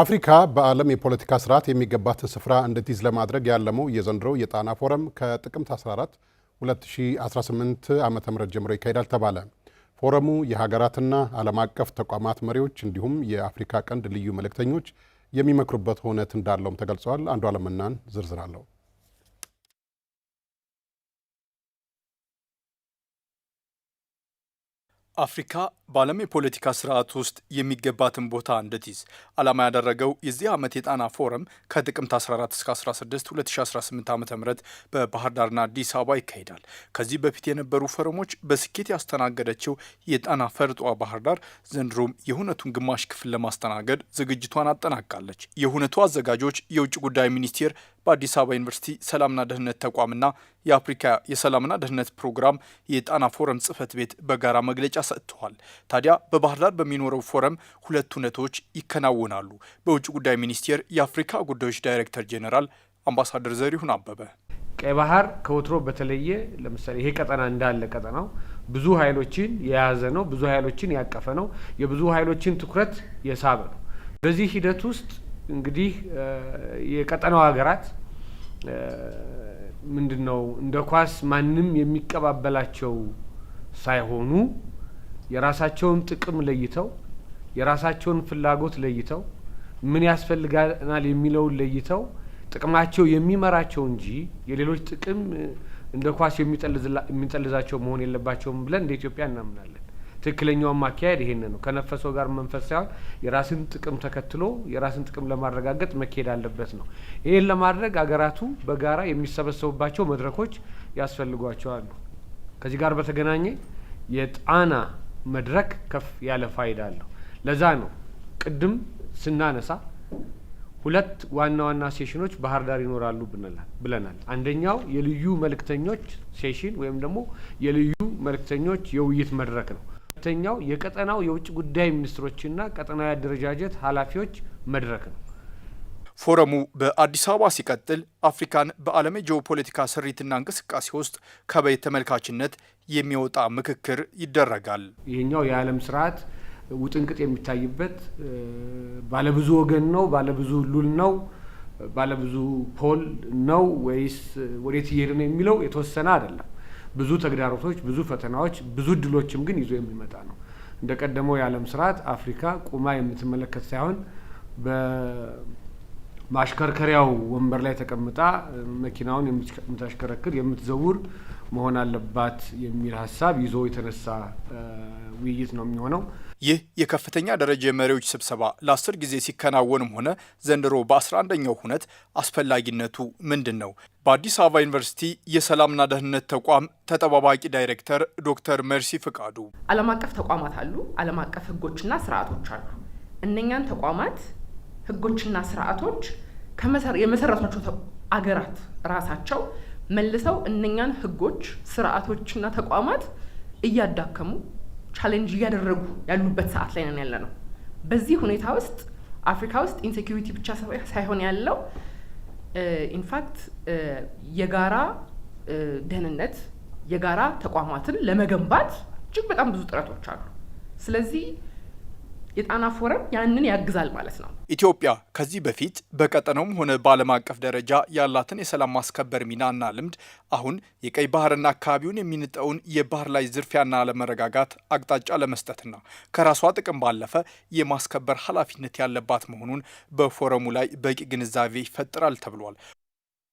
አፍሪካ በዓለም የፖለቲካ ስርዓት የሚገባትን ስፍራ እንድትይዝ ለማድረግ ያለመው የዘንድሮው የጣና ፎረም ከጥቅምት 14 2018 ዓ ም ጀምሮ ይካሄዳል ተባለ። ፎረሙ የሀገራትና ዓለም አቀፍ ተቋማት መሪዎች እንዲሁም የአፍሪካ ቀንድ ልዩ መልእክተኞች የሚመክሩበት ሁነት እንዳለውም ተገልጸዋል። አንዱ አለምናን ዝርዝር አለው። አፍሪካ በዓለም የፖለቲካ ስርዓት ውስጥ የሚገባትን ቦታ እንድትይዝ ዓላማ ያደረገው የዚህ ዓመት የጣና ፎረም ከጥቅምት 14 እስከ 16 2018 ዓ ም በባህር ዳርና አዲስ አበባ ይካሄዳል። ከዚህ በፊት የነበሩ ፎረሞች በስኬት ያስተናገደችው የጣና ፈርጧ ባህር ዳር ዘንድሮም የሁነቱን ግማሽ ክፍል ለማስተናገድ ዝግጅቷን አጠናቃለች። የሁነቱ አዘጋጆች የውጭ ጉዳይ ሚኒስቴር በአዲስ አበባ ዩኒቨርሲቲ ሰላምና ደህንነት ተቋምና የአፍሪካ የሰላምና ደህንነት ፕሮግራም የጣና ፎረም ጽህፈት ቤት በጋራ መግለጫ ሰጥተዋል። ታዲያ በባህር ዳር በሚኖረው ፎረም ሁለት ሁነቶች ይከናወናሉ። በውጭ ጉዳይ ሚኒስቴር የአፍሪካ ጉዳዮች ዳይሬክተር ጄኔራል አምባሳደር ዘሪሁን አበበ ቀይ ባህር ከወትሮ በተለየ ለምሳሌ ይሄ ቀጠና እንዳለ ቀጠናው ብዙ ኃይሎችን የያዘ ነው። ብዙ ኃይሎችን ያቀፈ ነው። የብዙ ኃይሎችን ትኩረት የሳበ ነው። በዚህ ሂደት ውስጥ እንግዲህ የቀጠናው ሀገራት ምንድን ነው እንደ ኳስ ማንም የሚቀባበላቸው ሳይሆኑ የራሳቸውን ጥቅም ለይተው የራሳቸውን ፍላጎት ለይተው ምን ያስፈልጋናል የሚለውን ለይተው ጥቅማቸው የሚመራቸው እንጂ የሌሎች ጥቅም እንደ ኳስ የሚጠልዛቸው መሆን የለባቸውም ብለን እንደ ኢትዮጵያ እናምናለን። ትክክለኛውን ማካሄድ ይሄን ነው። ከነፈሰው ጋር መንፈስ ሳይሆን የራስን ጥቅም ተከትሎ የራስን ጥቅም ለማረጋገጥ መካሄድ አለበት ነው። ይህን ለማድረግ አገራቱ በጋራ የሚሰበሰቡባቸው መድረኮች ያስፈልጓቸዋሉ። ከዚህ ጋር በተገናኘ የጣና መድረክ ከፍ ያለ ፋይዳ አለው። ለዛ ነው ቅድም ስናነሳ ሁለት ዋና ዋና ሴሽኖች ባህር ዳር ይኖራሉ ብለናል። አንደኛው የልዩ መልእክተኞች ሴሽን ወይም ደግሞ የልዩ መልእክተኞች የውይይት መድረክ ነው። ሁለተኛው የቀጠናው የውጭ ጉዳይ ሚኒስትሮችና ቀጠናዊ አደረጃጀት ኃላፊዎች መድረክ ነው። ፎረሙ በአዲስ አበባ ሲቀጥል አፍሪካን በዓለም የጂኦፖለቲካ ስሪትና እንቅስቃሴ ውስጥ ከበይ ተመልካችነት የሚወጣ ምክክር ይደረጋል። ይህኛው የዓለም ስርዓት ውጥንቅጥ የሚታይበት ባለብዙ ወገን ነው፣ ባለብዙ ሉል ነው፣ ባለብዙ ፖል ነው ወይስ ወዴት እየሄድ ነው የሚለው የተወሰነ አይደለም። ብዙ ተግዳሮቶች፣ ብዙ ፈተናዎች፣ ብዙ ድሎችም ግን ይዞ የሚመጣ ነው። እንደ ቀደመው የዓለም ስርዓት አፍሪካ ቁማ የምትመለከት ሳይሆን በማሽከርከሪያው ወንበር ላይ ተቀምጣ መኪናውን የምታሽከረክር የምትዘውር መሆን አለባት የሚል ሀሳብ ይዞ የተነሳ ውይይት ነው የሚሆነው። ይህ የከፍተኛ ደረጃ የመሪዎች ስብሰባ ለአስር ጊዜ ሲከናወንም ሆነ ዘንድሮ በ11ኛው ሁነት አስፈላጊነቱ ምንድን ነው? በአዲስ አበባ ዩኒቨርሲቲ የሰላምና ደህንነት ተቋም ተጠባባቂ ዳይሬክተር ዶክተር መርሲ ፍቃዱ ዓለም አቀፍ ተቋማት አሉ፣ ዓለም አቀፍ ህጎችና ስርዓቶች አሉ። እነኛን ተቋማት ህጎችና ስርዓቶች የመሰረቷቸው አገራት ራሳቸው መልሰው እነኛን ህጎች፣ ስርዓቶችና ተቋማት እያዳከሙ ቻሌንጅ እያደረጉ ያሉበት ሰዓት ላይ ነን ያለ ነው። በዚህ ሁኔታ ውስጥ አፍሪካ ውስጥ ኢንሴኪሪቲ ብቻ ሳይሆን ያለው ኢንፋክት የጋራ ደህንነት የጋራ ተቋማትን ለመገንባት እጅግ በጣም ብዙ ጥረቶች አሉ። ስለዚህ የጣና ፎረም ያንን ያግዛል ማለት ነው። ኢትዮጵያ ከዚህ በፊት በቀጠናውም ሆነ በዓለም አቀፍ ደረጃ ያላትን የሰላም ማስከበር ሚና እና ልምድ አሁን የቀይ ባህርና አካባቢውን የሚንጠውን የባህር ላይ ዝርፊያና አለመረጋጋት አቅጣጫ ለመስጠትና ከራሷ ጥቅም ባለፈ የማስከበር ኃላፊነት ያለባት መሆኑን በፎረሙ ላይ በቂ ግንዛቤ ይፈጥራል ተብሏል።